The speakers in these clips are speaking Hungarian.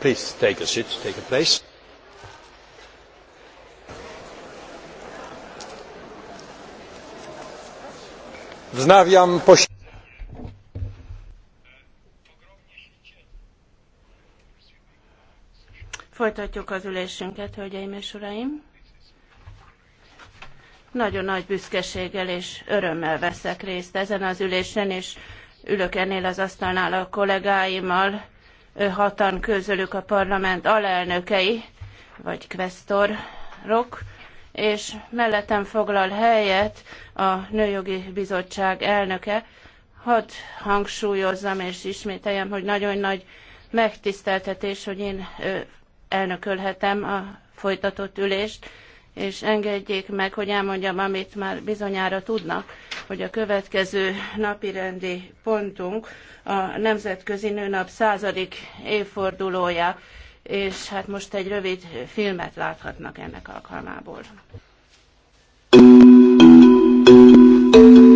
Please take a seat, take a place. Wznawiam posiedzenie. Folytatjuk az ülésünket, hölgyeim és uraim. Nagyon nagy büszkeséggel és örömmel veszek részt ezen az ülésen, és ülök ennél az asztalnál a kollégáimmal, hatan közülük a parlament alelnökei, vagy kvesztorok, és mellettem foglal helyet a Nőjogi Bizottság elnöke. Hadd hangsúlyozzam és ismételjem, hogy nagyon nagy megtiszteltetés, hogy én elnökölhetem a folytatott ülést, és engedjék meg, hogy elmondjam, amit már bizonyára tudnak, hogy a következő napirendi pontunk a Nemzetközi Nőnap századik évfordulója, és hát most egy rövid filmet láthatnak ennek alkalmából. Thank you.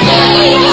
Thank you.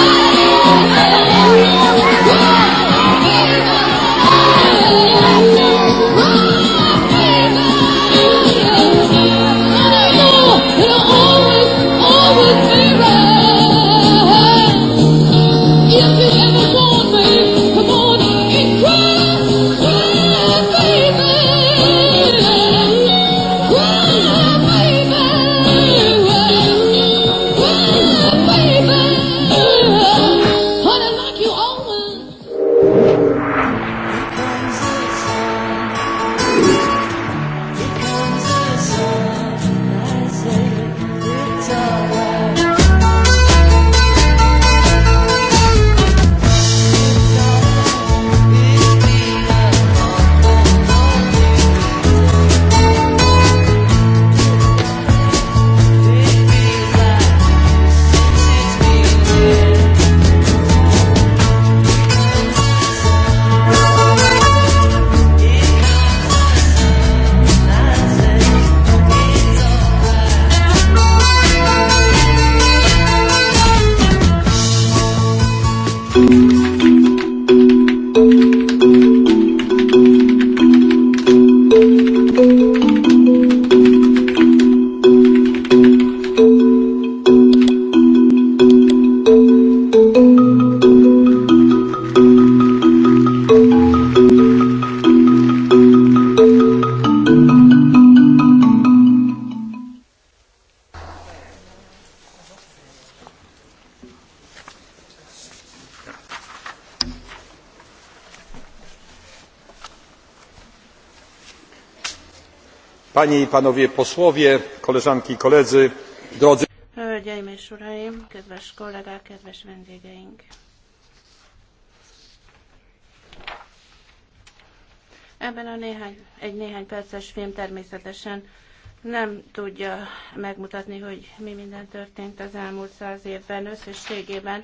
panie i panowie posłowie koleżanki i koledzy drodzy Ebben a néhány, egy néhány perces film természetesen nem tudja megmutatni, hogy mi minden történt az elmúlt száz évben. Összességében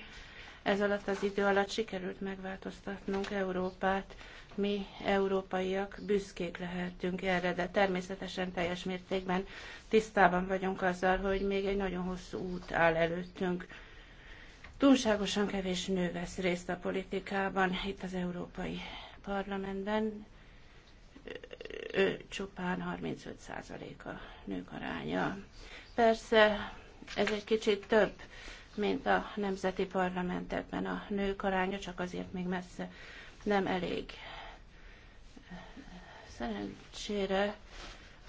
ez alatt az idő alatt sikerült megváltoztatnunk Európát mi európaiak büszkék lehetünk erre, de természetesen teljes mértékben tisztában vagyunk azzal, hogy még egy nagyon hosszú út áll előttünk. Túlságosan kevés nő vesz részt a politikában, itt az Európai Parlamentben ő csupán 35% a nők aránya. Persze ez egy kicsit több, mint a nemzeti parlamentekben a nők aránya, csak azért még messze nem elég Szerencsére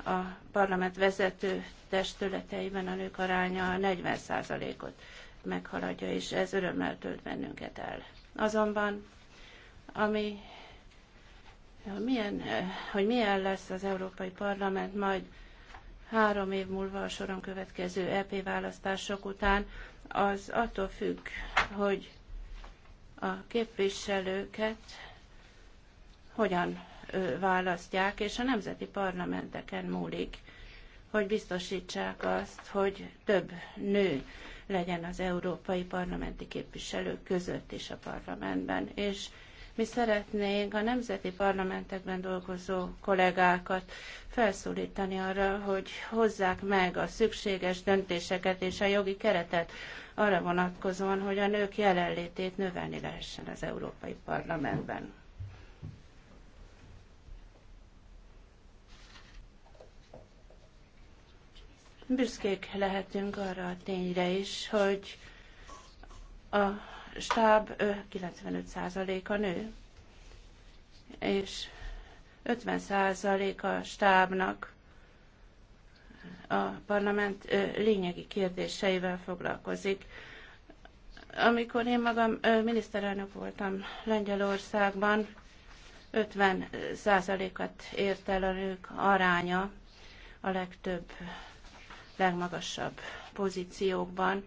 a parlament vezető testületeiben a nők aránya 40%-ot meghaladja, és ez örömmel tölt bennünket el. Azonban, ami milyen, hogy milyen lesz az Európai Parlament majd három év múlva a soron következő EP választások után, az attól függ, hogy a képviselőket hogyan választják, és a nemzeti parlamenteken múlik, hogy biztosítsák azt, hogy több nő legyen az európai parlamenti képviselők között is a parlamentben. És mi szeretnénk a nemzeti parlamentekben dolgozó kollégákat felszólítani arra, hogy hozzák meg a szükséges döntéseket és a jogi keretet arra vonatkozóan, hogy a nők jelenlétét növelni lehessen az Európai Parlamentben. Büszkék lehetünk arra a tényre is, hogy a stáb 95%-a nő, és 50% a stábnak a parlament lényegi kérdéseivel foglalkozik. Amikor én magam miniszterelnök voltam Lengyelországban, 50 at ért el a nők aránya, a legtöbb legmagasabb pozíciókban.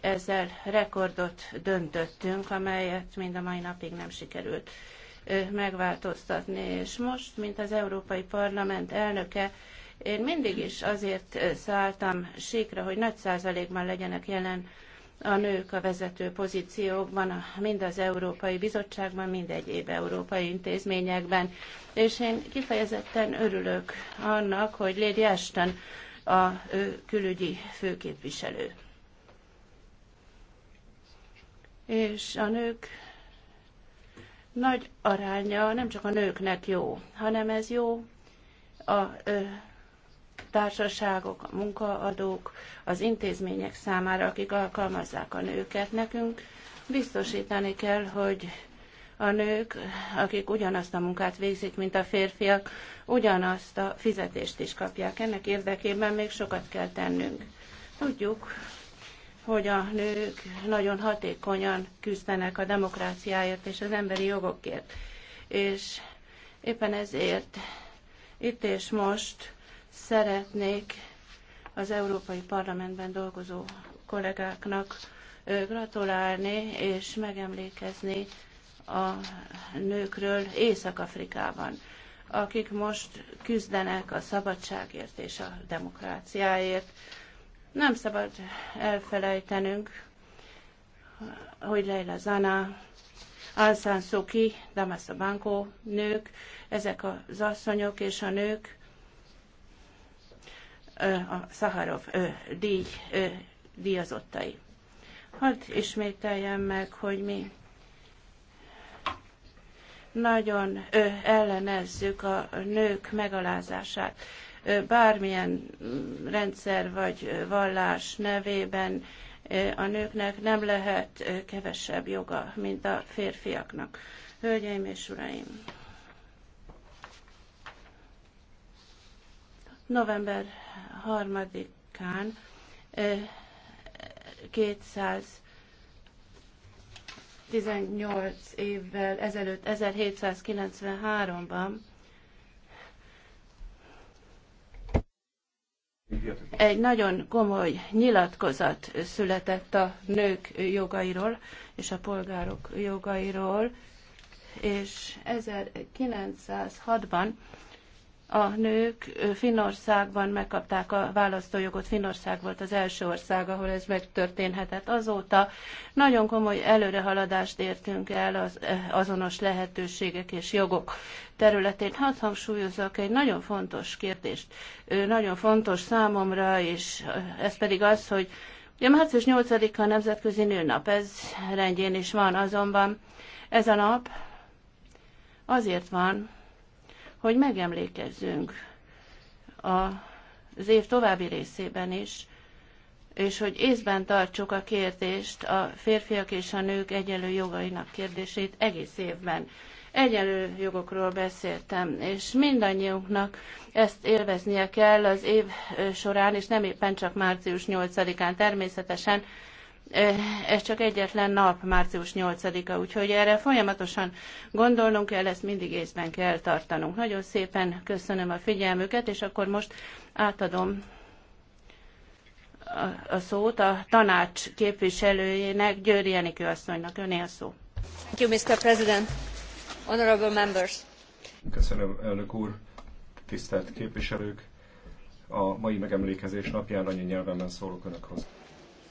Ezzel rekordot döntöttünk, amelyet mind a mai napig nem sikerült megváltoztatni. És most, mint az Európai Parlament elnöke, én mindig is azért szálltam síkra, hogy nagy százalékban legyenek jelen a nők a vezető pozíciókban, mind az Európai Bizottságban, mind egyéb európai intézményekben. És én kifejezetten örülök annak, hogy Lady Ashton a külügyi főképviselő. És a nők nagy aránya nem csak a nőknek jó, hanem ez jó a ö, társaságok, a munkaadók, az intézmények számára, akik alkalmazzák a nőket. Nekünk biztosítani kell, hogy a nők, akik ugyanazt a munkát végzik, mint a férfiak, ugyanazt a fizetést is kapják. Ennek érdekében még sokat kell tennünk. Tudjuk, hogy a nők nagyon hatékonyan küzdenek a demokráciáért és az emberi jogokért. És éppen ezért itt és most szeretnék az Európai Parlamentben dolgozó kollégáknak gratulálni és megemlékezni a nőkről Észak-Afrikában, akik most küzdenek a szabadságért és a demokráciáért. Nem szabad elfelejtenünk, hogy Leila Zana, Aung Soki, Damasa Banko nők, ezek az asszonyok és a nők a Szaharov díj díjazottai. Hadd ismételjem meg, hogy mi nagyon ellenezzük a nők megalázását. Bármilyen rendszer vagy vallás nevében a nőknek nem lehet kevesebb joga, mint a férfiaknak. Hölgyeim és uraim! November 3-án 200 18 évvel ezelőtt, 1793-ban egy nagyon komoly nyilatkozat született a nők jogairól és a polgárok jogairól, és 1906-ban a nők Finnországban megkapták a választójogot. Finnország volt az első ország, ahol ez megtörténhetett. Azóta nagyon komoly előrehaladást értünk el az azonos lehetőségek és jogok területén. Hadd hangsúlyozzak egy nagyon fontos kérdést, nagyon fontos számomra, és ez pedig az, hogy ugye március 8-a Nemzetközi Nőnap, ez rendjén is van, azonban ez a nap azért van, hogy megemlékezzünk a, az év további részében is, és hogy észben tartsuk a kérdést, a férfiak és a nők egyenlő jogainak kérdését egész évben. Egyenlő jogokról beszéltem, és mindannyiunknak ezt élveznie kell az év során, és nem éppen csak március 8-án természetesen, Eh, ez csak egyetlen nap, március 8-a, úgyhogy erre folyamatosan gondolnunk kell, ezt mindig észben kell tartanunk. Nagyon szépen köszönöm a figyelmüket, és akkor most átadom a, szót a tanács képviselőjének, Győri Enikő asszonynak. Öné a szó. Thank you, Mr. President. Honorable members. Köszönöm, elnök úr, tisztelt képviselők. A mai megemlékezés napján anyanyelvemen szólok önökhoz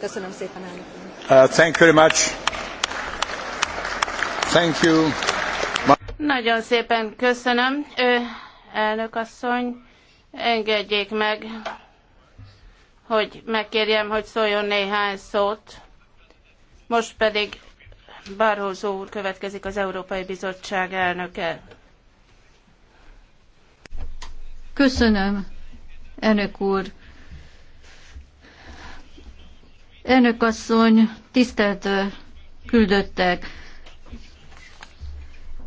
Köszönöm szépen, elnök uh, Thank you very much. Thank you. Nagyon szépen köszönöm, Ö, elnök asszony. Engedjék meg, hogy megkérjem, hogy szóljon néhány szót. Most pedig Barroso úr következik az Európai Bizottság elnöke. Köszönöm, elnök úr. Elnök asszony, tisztelt küldöttek!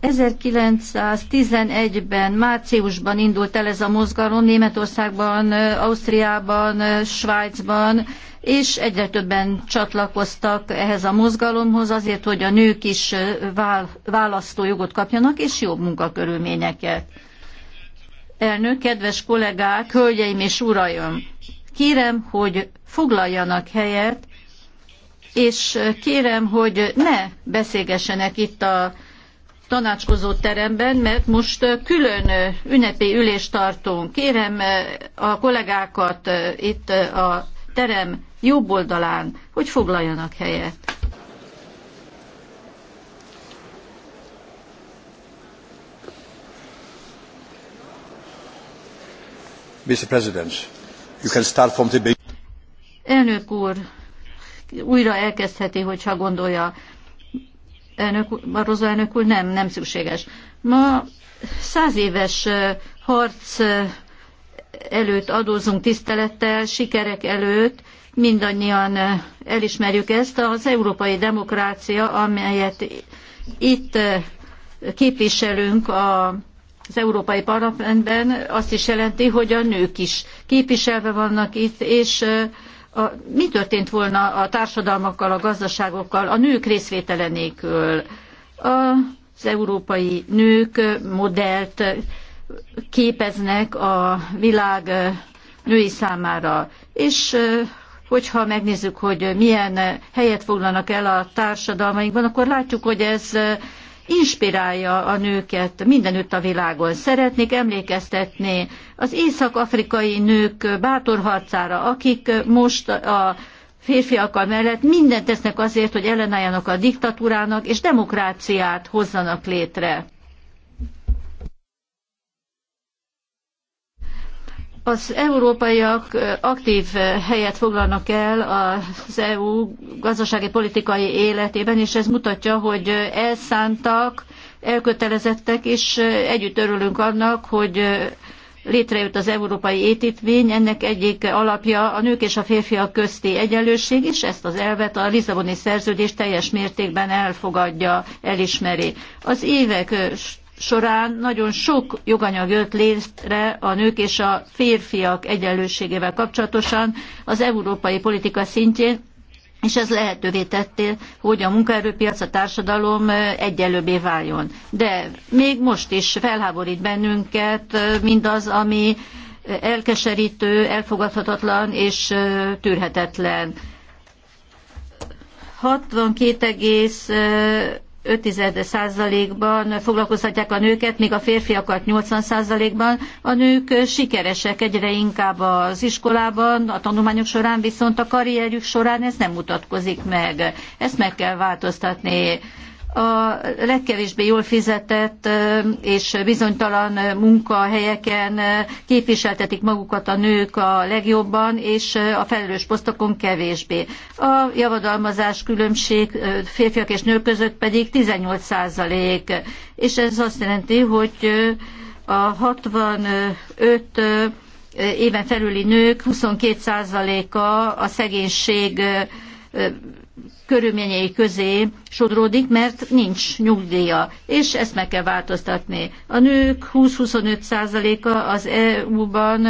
1911-ben, márciusban indult el ez a mozgalom Németországban, Ausztriában, Svájcban, és egyre többen csatlakoztak ehhez a mozgalomhoz azért, hogy a nők is választójogot kapjanak, és jobb munkakörülményeket. Elnök, kedves kollégák, hölgyeim és uraim! Kérem, hogy foglaljanak helyet, és kérem, hogy ne beszélgessenek itt a tanácskozó teremben, mert most külön ünnepi ülést tartunk. Kérem a kollégákat itt a terem jobb oldalán, hogy foglaljanak helyet. Mr. President, you can start from the beginning. Elnök úr, újra elkezdheti, hogyha gondolja. Elnök, Barroso elnök úr, nem, nem szükséges. Ma száz éves harc előtt adózunk tisztelettel, sikerek előtt, mindannyian elismerjük ezt. Az európai demokrácia, amelyet itt képviselünk a az Európai Parlamentben azt is jelenti, hogy a nők is képviselve vannak itt, és a, mi történt volna a társadalmakkal, a gazdaságokkal, a nők részvétele nélkül. Az európai nők modellt képeznek a világ női számára, és hogyha megnézzük, hogy milyen helyet foglalnak el a társadalmainkban, akkor látjuk, hogy ez inspirálja a nőket mindenütt a világon. Szeretnék emlékeztetni az észak-afrikai nők bátor harcára, akik most a férfiakkal mellett mindent tesznek azért, hogy ellenálljanak a diktatúrának, és demokráciát hozzanak létre. Az európaiak aktív helyet foglalnak el az EU gazdasági politikai életében, és ez mutatja, hogy elszántak, elkötelezettek, és együtt örülünk annak, hogy létrejött az európai étítmény, ennek egyik alapja a nők és a férfiak közti egyenlőség, és ezt az elvet a Lisszaboni szerződés teljes mértékben elfogadja, elismeri. Az évek során nagyon sok joganyag jött létre a nők és a férfiak egyenlőségével kapcsolatosan az európai politika szintjén, és ez lehetővé tette, hogy a munkaerőpiac, a társadalom egyelőbbé váljon. De még most is felháborít bennünket mindaz, ami elkeserítő, elfogadhatatlan és tűrhetetlen. 62, 5%-ban foglalkoztatják a nőket, míg a férfiakat 80%-ban. A nők sikeresek egyre inkább az iskolában, a tanulmányok során, viszont a karrierjük során ez nem mutatkozik meg. Ezt meg kell változtatni a legkevésbé jól fizetett és bizonytalan munkahelyeken képviseltetik magukat a nők a legjobban, és a felelős posztokon kevésbé. A javadalmazás különbség férfiak és nők között pedig 18 százalék, és ez azt jelenti, hogy a 65 éven felüli nők 22 százaléka a szegénység körülményei közé sodródik, mert nincs nyugdíja, és ezt meg kell változtatni. A nők 20-25%-a az EU-ban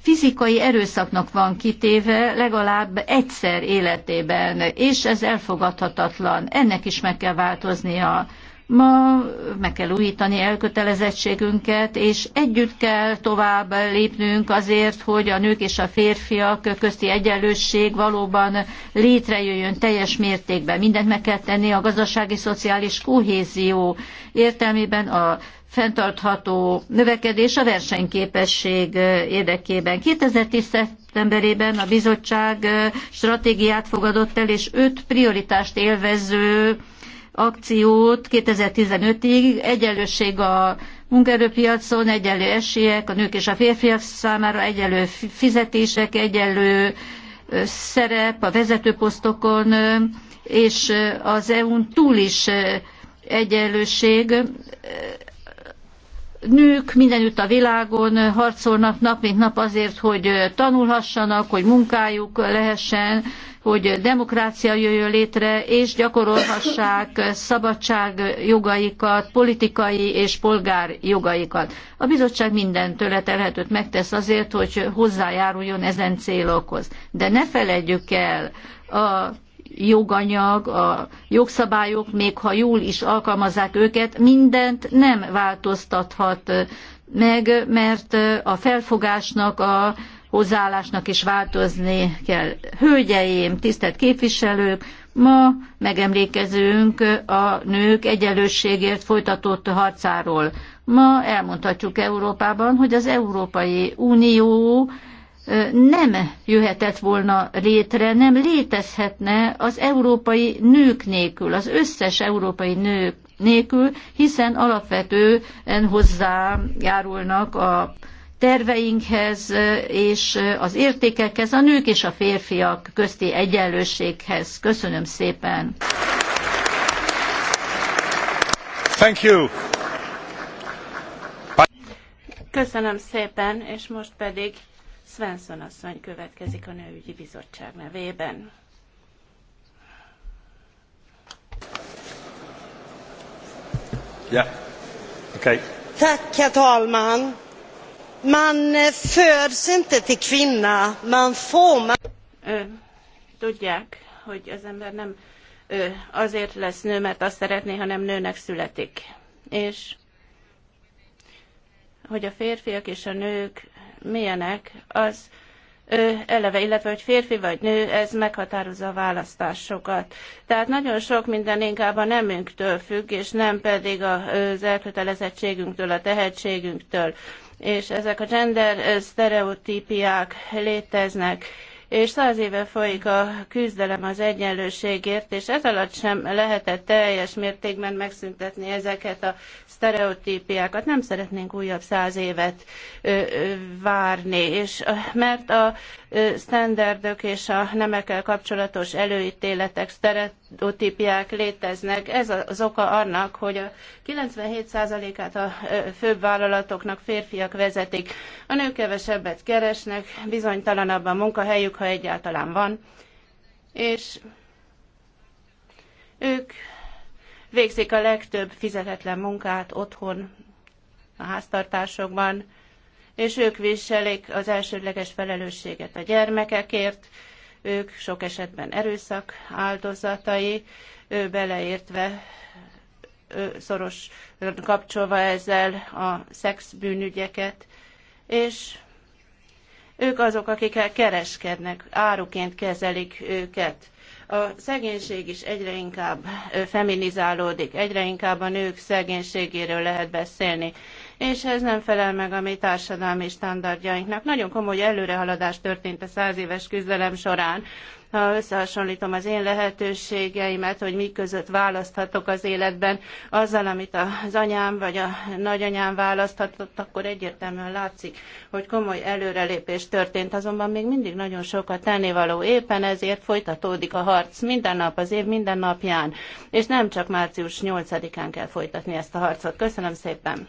fizikai erőszaknak van kitéve legalább egyszer életében, és ez elfogadhatatlan. Ennek is meg kell változnia. Ma meg kell újítani elkötelezettségünket, és együtt kell tovább lépnünk azért, hogy a nők és a férfiak közti egyenlősség valóban létrejöjjön teljes mértékben. Mindent meg kell tenni a gazdasági, szociális kohézió értelmében a fenntartható növekedés a versenyképesség érdekében. 2010 szeptemberében a bizottság stratégiát fogadott el, és öt prioritást élvező akciót 2015-ig, egyenlőség a munkaerőpiacon, egyenlő esélyek a nők és a férfiak számára, egyenlő fizetések, egyenlő szerep a vezetőposztokon, és az EU-n túl is egyenlőség. Nők mindenütt a világon harcolnak nap mint nap azért, hogy tanulhassanak, hogy munkájuk lehessen, hogy demokrácia jöjjön létre, és gyakorolhassák szabadság jogaikat, politikai és polgár jogaikat. A bizottság minden tőle telhetőt megtesz azért, hogy hozzájáruljon ezen célokhoz. De ne feledjük el, a joganyag, a jogszabályok, még ha jól is alkalmazzák őket, mindent nem változtathat meg, mert a felfogásnak a hozzáállásnak is változni kell. Hölgyeim, tisztelt képviselők, ma megemlékezünk a nők egyenlőségért folytatott harcáról. Ma elmondhatjuk Európában, hogy az Európai Unió nem jöhetett volna létre, nem létezhetne az európai nők nélkül, az összes európai nők nélkül, hiszen alapvetően hozzájárulnak a terveinkhez és az értékekhez, a nők és a férfiak közti egyenlőséghez. Köszönöm szépen! Thank you. Köszönöm szépen, és most pedig Svensson asszony következik a Nőügyi Bizottság nevében. Yeah. Okay. Tack, herr talman! Man eh, föds inte till kvinna, man formar... Tudják, hogy az ember nem azért lesz nő, mert azt szeretné, hanem nőnek születik. És hogy a férfiak és a nők milyenek, az ő eleve, illetve hogy férfi vagy nő, ez meghatározza a választásokat. Tehát nagyon sok minden inkább a nemünktől függ, és nem pedig az elkötelezettségünktől, a tehetségünktől és ezek a gender eh, sztereotípiák léteznek és száz éve folyik a küzdelem az egyenlőségért, és ez alatt sem lehetett teljes mértékben megszüntetni ezeket a sztereotípiákat. Nem szeretnénk újabb száz évet várni, és mert a standardok és a nemekkel kapcsolatos előítéletek, sztereotípiák léteznek. Ez az oka annak, hogy a 97%-át a főbb vállalatoknak férfiak vezetik. A nők kevesebbet keresnek, bizonytalanabb a munkahelyük, ha egyáltalán van, és ők végzik a legtöbb fizetetlen munkát otthon, a háztartásokban, és ők viselik az elsődleges felelősséget a gyermekekért, ők sok esetben erőszak áldozatai, ő beleértve ő szoros kapcsolva ezzel a szexbűnügyeket, és ők azok, akikkel kereskednek, áruként kezelik őket. A szegénység is egyre inkább feminizálódik, egyre inkább a nők szegénységéről lehet beszélni és ez nem felel meg a mi társadalmi standardjainknak. Nagyon komoly előrehaladás történt a száz éves küzdelem során ha összehasonlítom az én lehetőségeimet, hogy mi között választhatok az életben, azzal, amit az anyám vagy a nagyanyám választhatott, akkor egyértelműen látszik, hogy komoly előrelépés történt, azonban még mindig nagyon sok a tennivaló. Éppen ezért folytatódik a harc minden nap, az év minden napján, és nem csak március 8-án kell folytatni ezt a harcot. Köszönöm szépen!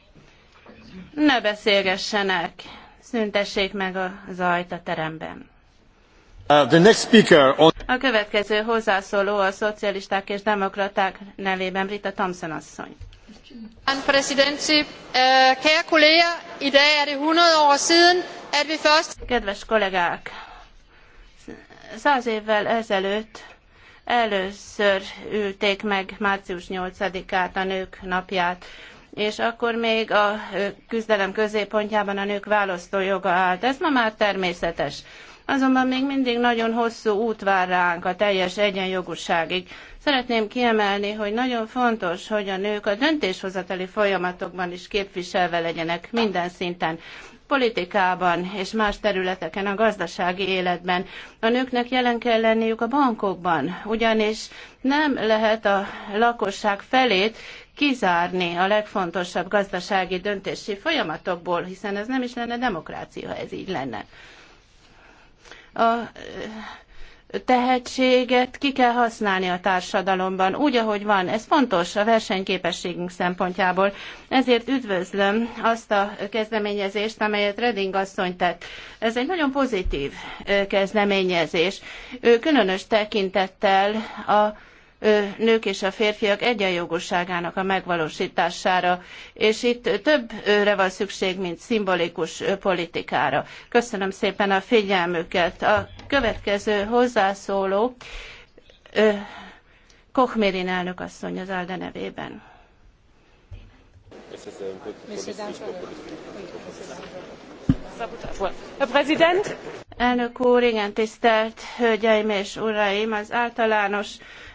ne beszélgessenek, szüntessék meg a zajt a teremben. Uh, on... A következő hozzászóló a szocialisták és demokraták nevében Rita Thompson asszony. Kedves kollégák, száz évvel ezelőtt először ülték meg március 8-át a nők napját és akkor még a küzdelem középpontjában a nők választójoga állt. Ez ma már természetes azonban még mindig nagyon hosszú út vár ránk a teljes egyenjogúságig. Szeretném kiemelni, hogy nagyon fontos, hogy a nők a döntéshozatali folyamatokban is képviselve legyenek minden szinten politikában és más területeken, a gazdasági életben. A nőknek jelen kell lenniük a bankokban, ugyanis nem lehet a lakosság felét kizárni a legfontosabb gazdasági döntési folyamatokból, hiszen ez nem is lenne demokrácia, ha ez így lenne a tehetséget ki kell használni a társadalomban, úgy, ahogy van. Ez fontos a versenyképességünk szempontjából. Ezért üdvözlöm azt a kezdeményezést, amelyet Reding asszony tett. Ez egy nagyon pozitív kezdeményezés, különös tekintettel a nők és a férfiak egyenjogúságának a megvalósítására, és itt többre van szükség, mint szimbolikus politikára. Köszönöm szépen a figyelmüket. A következő hozzászóló Kochmérin elnök asszony az Alde nevében. Herr Präsident! Elnök úr, igen, tisztelt Hölgyeim és Uraim, az általános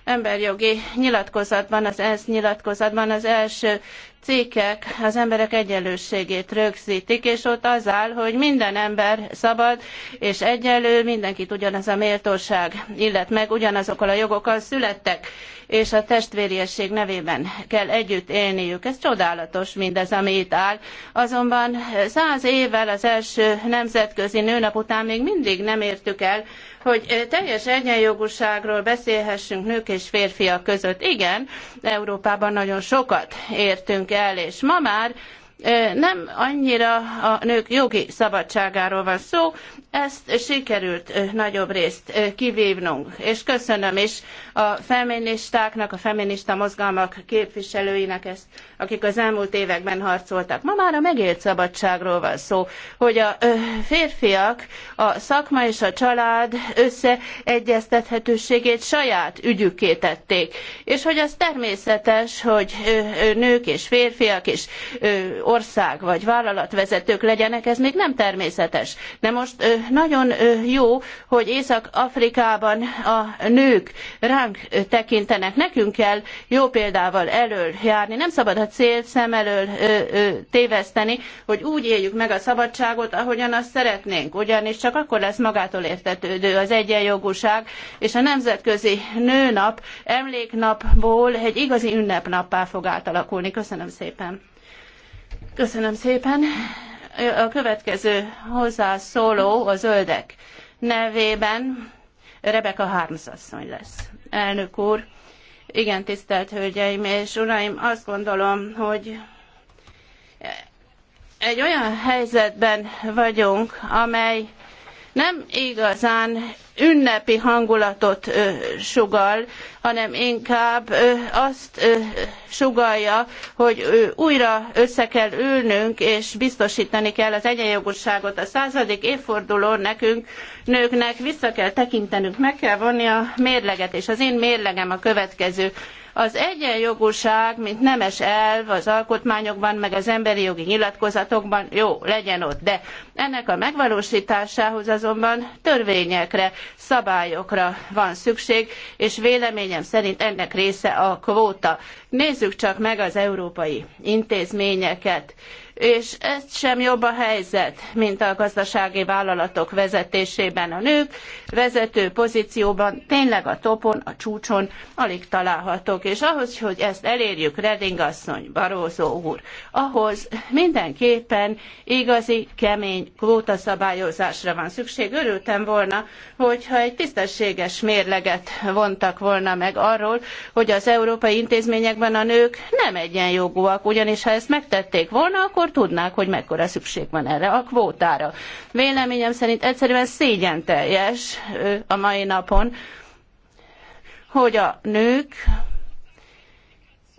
emberjogi nyilatkozatban, az ENSZ nyilatkozatban az első cikkek az emberek egyenlőségét rögzítik, és ott az áll, hogy minden ember szabad és egyenlő, mindenkit ugyanaz a méltóság illet meg, ugyanazokkal a jogokkal születtek, és a testvériesség nevében kell együtt élniük. Ez csodálatos mindez, ami itt áll. Azonban száz évvel az első nemzetközi nőnap után még mindig nem értük el, hogy teljes egyenjogúságról beszélhessünk nők és férfiak között. Igen, Európában nagyon sokat értünk kell, és ma már nem annyira a nők jogi szabadságáról van szó, ezt sikerült nagyobb részt kivívnunk. És köszönöm is a feministáknak, a feminista mozgalmak képviselőinek ezt, akik az elmúlt években harcoltak. Ma már a megélt szabadságról van szó, hogy a férfiak a szakma és a család összeegyeztethetőségét saját ügyükké tették. És hogy az természetes, hogy nők és férfiak és ország vagy vállalatvezetők legyenek, ez még nem természetes. De most nagyon jó, hogy Észak-Afrikában a nők ránk tekintenek. Nekünk kell jó példával elől járni. Nem szabad a célt szem elől téveszteni, hogy úgy éljük meg a szabadságot, ahogyan azt szeretnénk. Ugyanis csak akkor lesz magától értetődő az egyenjogúság, és a Nemzetközi Nőnap emléknapból egy igazi ünnepnappá fog átalakulni. Köszönöm szépen! Köszönöm szépen. A következő hozzászóló a zöldek nevében Rebeka Harms lesz. Elnök úr, igen, tisztelt hölgyeim és uraim, azt gondolom, hogy egy olyan helyzetben vagyunk, amely nem igazán ünnepi hangulatot sugall, hanem inkább azt sugallja, hogy újra össze kell ülnünk, és biztosítani kell az egyenjogúságot. A századik évfordulón nekünk, nőknek vissza kell tekintenünk, meg kell vonni a mérleget, és az én mérlegem a következő az egyenjogúság, mint nemes elv az alkotmányokban, meg az emberi jogi nyilatkozatokban jó, legyen ott, de ennek a megvalósításához azonban törvényekre, szabályokra van szükség, és véleményem szerint ennek része a kvóta. Nézzük csak meg az európai intézményeket és ez sem jobb a helyzet, mint a gazdasági vállalatok vezetésében a nők vezető pozícióban, tényleg a topon, a csúcson alig találhatók, és ahhoz, hogy ezt elérjük, Reding asszony, Barózó úr, ahhoz mindenképpen igazi, kemény kvótaszabályozásra van szükség. Örültem volna, hogyha egy tisztességes mérleget vontak volna meg arról, hogy az európai intézményekben a nők nem egyenjogúak, ugyanis ha ezt megtették volna, akkor akkor tudnák, hogy mekkora szükség van erre a kvótára. Véleményem szerint egyszerűen szégyen teljes a mai napon, hogy a nők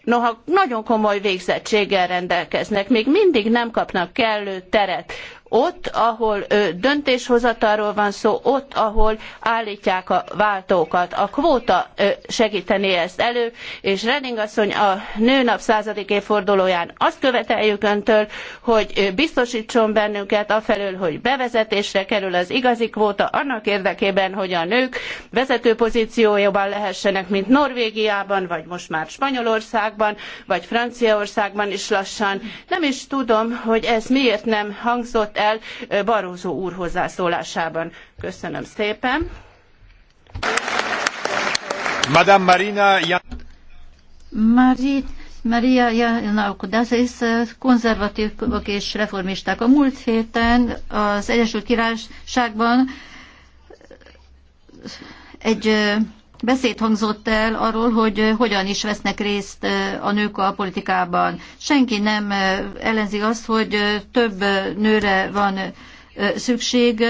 noha nagyon komoly végzettséggel rendelkeznek, még mindig nem kapnak kellő teret ott, ahol döntéshozatalról van szó, ott, ahol állítják a váltókat. A kvóta segíteni ezt elő, és Reding asszony a nőnap századik évfordulóján azt követeljük öntől, hogy biztosítson bennünket afelől, hogy bevezetésre kerül az igazi kvóta annak érdekében, hogy a nők vezető pozíciójában lehessenek, mint Norvégiában, vagy most már Spanyolországban, vagy Franciaországban is lassan. Nem is tudom, hogy ez miért nem hangzott el Barózó úr hozzászólásában. Köszönöm szépen. Madame Marina Jan... Marit, Maria Janaukudazis, konzervatívok és reformisták. A múlt héten az Egyesült Királyságban egy Beszéd hangzott el arról, hogy hogyan is vesznek részt a nők a politikában. Senki nem ellenzi azt, hogy több nőre van szükség,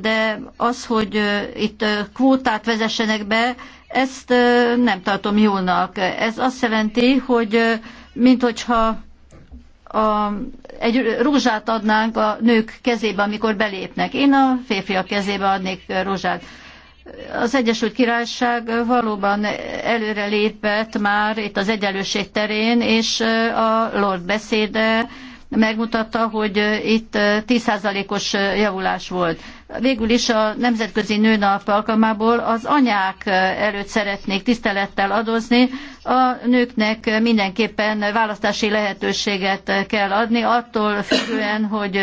de az, hogy itt kvótát vezessenek be, ezt nem tartom jónak. Ez azt jelenti, hogy minthogyha a, egy rózsát adnánk a nők kezébe, amikor belépnek. Én a férfiak kezébe adnék rózsát az Egyesült Királyság valóban előre lépett már itt az egyenlőség terén, és a Lord beszéde megmutatta, hogy itt 10%-os javulás volt. Végül is a Nemzetközi Nőnap alkalmából az anyák előtt szeretnék tisztelettel adozni. A nőknek mindenképpen választási lehetőséget kell adni, attól függően, hogy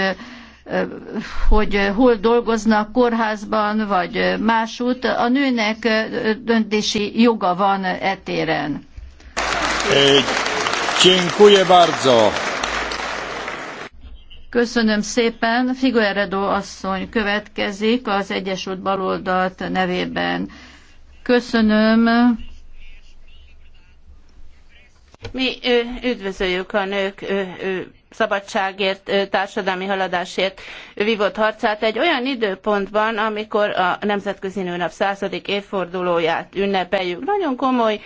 hogy hol dolgoznak, kórházban vagy másút. A nőnek döntési joga van etéren. Dziękuję bardzo. Köszönöm szépen. Figueredo asszony következik az Egyesült Baloldalt nevében. Köszönöm. Mi üdvözöljük a nők szabadságért, társadalmi haladásért vívott harcát egy olyan időpontban, amikor a Nemzetközi Nőnap századik évfordulóját ünnepeljük. Nagyon komoly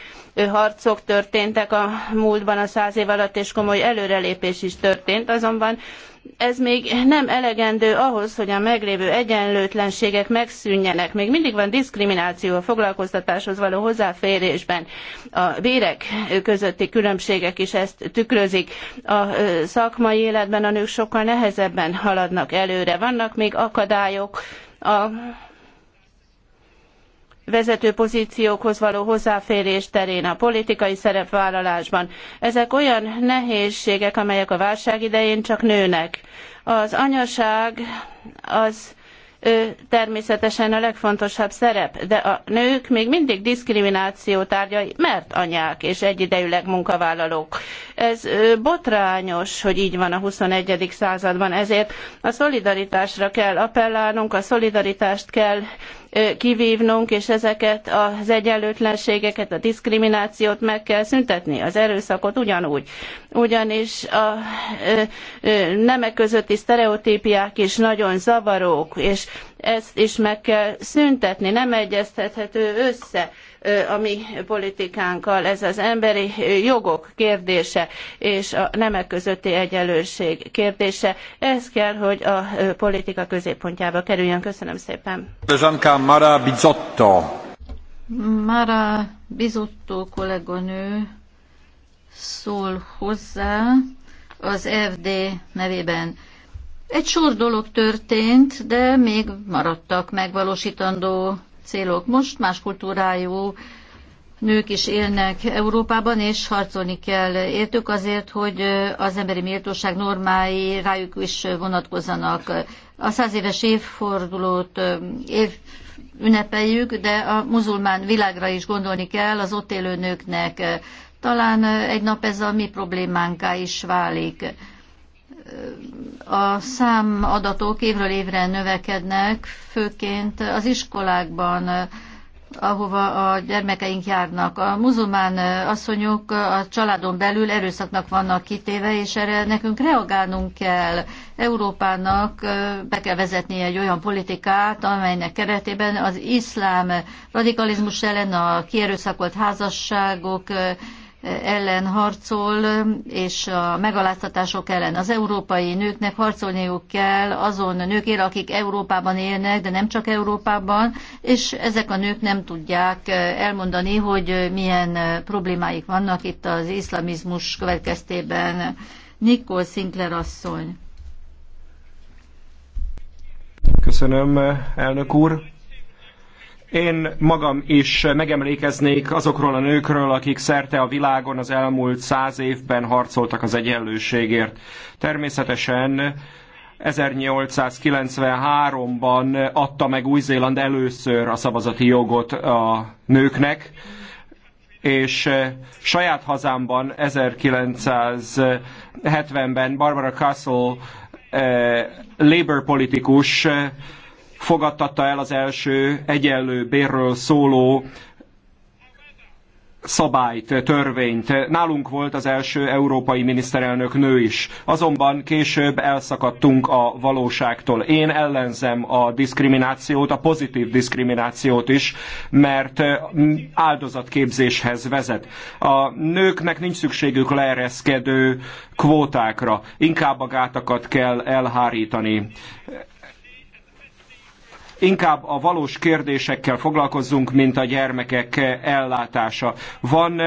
harcok történtek a múltban a száz év alatt, és komoly előrelépés is történt, azonban ez még nem elegendő ahhoz, hogy a meglévő egyenlőtlenségek megszűnjenek. Még mindig van diszkrimináció a foglalkoztatáshoz való hozzáférésben. A bérek közötti különbségek is ezt tükrözik. A szakmai életben a nők sokkal nehezebben haladnak előre. Vannak még akadályok a vezető pozíciókhoz való hozzáférés terén, a politikai szerepvállalásban. Ezek olyan nehézségek, amelyek a válság idején csak nőnek. Az anyaság az ő természetesen a legfontosabb szerep, de a nők még mindig diszkrimináció tárgyai, mert anyák és egyidejűleg munkavállalók. Ez botrányos, hogy így van a 21. században, ezért a szolidaritásra kell appellálnunk, a szolidaritást kell kivívnunk, és ezeket az egyenlőtlenségeket, a diszkriminációt meg kell szüntetni, az erőszakot ugyanúgy. Ugyanis a nemek közötti sztereotípiák is nagyon zavarók, és ezt is meg kell szüntetni, nem egyeztethető össze a mi politikánkkal, ez az emberi jogok kérdése és a nemek közötti egyenlőség kérdése. Ez kell, hogy a politika középpontjába kerüljön. Köszönöm szépen. Mara Bizotto. Mara Bizotto kolléganő szól hozzá az FD nevében. Egy sor dolog történt, de még maradtak megvalósítandó célok. Most más kultúrájú nők is élnek Európában, és harcolni kell értük azért, hogy az emberi méltóság normái rájuk is vonatkozzanak. A száz éves évfordulót év, ünnepeljük, de a muzulmán világra is gondolni kell az ott élő nőknek. Talán egy nap ez a mi problémánká is válik a számadatok évről évre növekednek, főként az iskolákban, ahova a gyermekeink járnak. A muzulmán asszonyok a családon belül erőszaknak vannak kitéve, és erre nekünk reagálnunk kell. Európának be kell vezetni egy olyan politikát, amelynek keretében az iszlám radikalizmus ellen a kierőszakolt házasságok ellen harcol, és a megaláztatások ellen. Az európai nőknek harcolniuk kell azon nőkért, akik Európában élnek, de nem csak Európában, és ezek a nők nem tudják elmondani, hogy milyen problémáik vannak itt az iszlamizmus következtében. Nikol Sinclair asszony. Köszönöm, elnök úr én magam is megemlékeznék azokról a nőkről, akik szerte a világon az elmúlt száz évben harcoltak az egyenlőségért. Természetesen 1893-ban adta meg Új-Zéland először a szavazati jogot a nőknek, és saját hazámban 1970-ben Barbara Castle eh, Labour politikus fogadtatta el az első egyenlő bérről szóló szabályt, törvényt. Nálunk volt az első európai miniszterelnök nő is. Azonban később elszakadtunk a valóságtól. Én ellenzem a diszkriminációt, a pozitív diszkriminációt is, mert áldozatképzéshez vezet. A nőknek nincs szükségük leereszkedő kvótákra, inkább a gátakat kell elhárítani inkább a valós kérdésekkel foglalkozzunk, mint a gyermekek ellátása. Van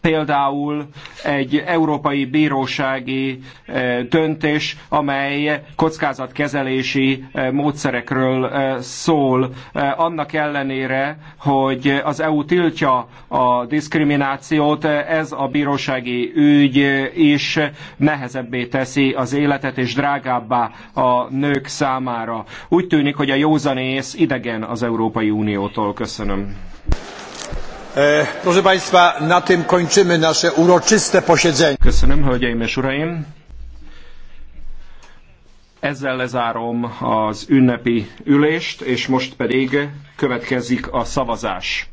például egy európai bírósági eh, döntés, amely kockázatkezelési eh, módszerekről eh, szól. Annak ellenére, hogy az EU tiltja a diszkriminációt, ez a bírósági ügy is nehezebbé teszi az életet és drágábbá a nők számára. Úgy tűnik, hogy a józanész idegen az Európai Uniótól. Köszönöm. E, proszę Państwa, na tym kończymy nasze uroczyste posiedzenie. Köszönöm, hölgyeim és uraim! Ezzel lezárom az ünnepi ülést, és most pedig következik a szavazás.